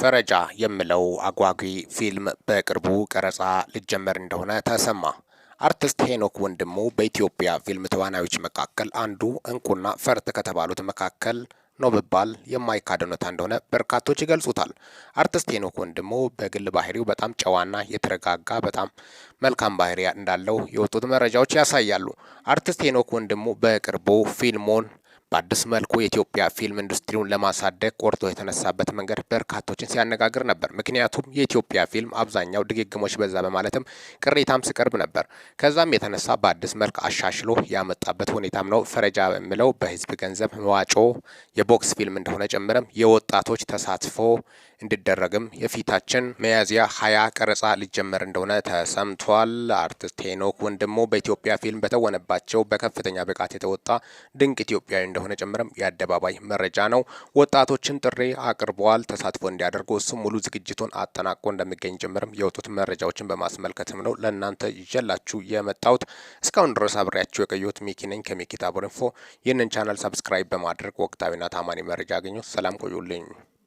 ፈረጃ የምለው አጓጊ ፊልም በቅርቡ ቀረጻ ሊጀመር እንደሆነ ተሰማ። አርቲስት ሄኖክ ወንድሙ በኢትዮጵያ ፊልም ተዋናዮች መካከል አንዱ እንቁና ፈርጥ ከተባሉት መካከል ነው ብባል የማይካድ እንደሆነ በርካቶች ይገልጹታል። አርቲስት ሄኖክ ወንድሙ በግል ባህሪው በጣም ጨዋና የተረጋጋ በጣም መልካም ባህሪ እንዳለው የወጡት መረጃዎች ያሳያሉ። አርቲስት ሄኖክ ወንድሙ በቅርቡ ፊልሙን በአዲስ መልኩ የኢትዮጵያ ፊልም ኢንዱስትሪውን ለማሳደግ ቆርጦ የተነሳበት መንገድ በርካቶችን ሲያነጋግር ነበር። ምክንያቱም የኢትዮጵያ ፊልም አብዛኛው ድግግሞች በዛ በማለትም ቅሬታም ሲቀርብ ነበር። ከዛም የተነሳ በአዲስ መልክ አሻሽሎ ያመጣበት ሁኔታም ነው። ፈረጃ የምለው በህዝብ ገንዘብ መዋጮ የቦክስ ፊልም እንደሆነ ጨምረም የወጣቶች ተሳትፎ እንዲደረግም የፊታችን መያዝያ ሀያ ቀረጻ ሊጀመር እንደሆነ ተሰምቷል። አርቲስት ሄኖክ ወንድሞ በኢትዮጵያ ፊልም በተወነባቸው በከፍተኛ ብቃት የተወጣ ድንቅ ኢትዮጵያዊ እንደሆነ ጭምርም የአደባባይ መረጃ ነው። ወጣቶችን ጥሪ አቅርበዋል። ተሳትፎ እንዲያደርጉ እሱም ሙሉ ዝግጅቱን አጠናቆ እንደሚገኝ ጭምርም የወጡት መረጃዎችን በማስመልከትም ነው ለእናንተ ይዤላችሁ የመጣሁት። እስካሁን ድረስ አብሬያችሁ የቆየሁት ሚኪ ነኝ ከሚኪ ታቦር ኢንፎ። ይህንን ቻናል ሰብስክራይብ በማድረግ ወቅታዊና ታማኒ መረጃ አገኙ። ሰላም ቆዩልኝ።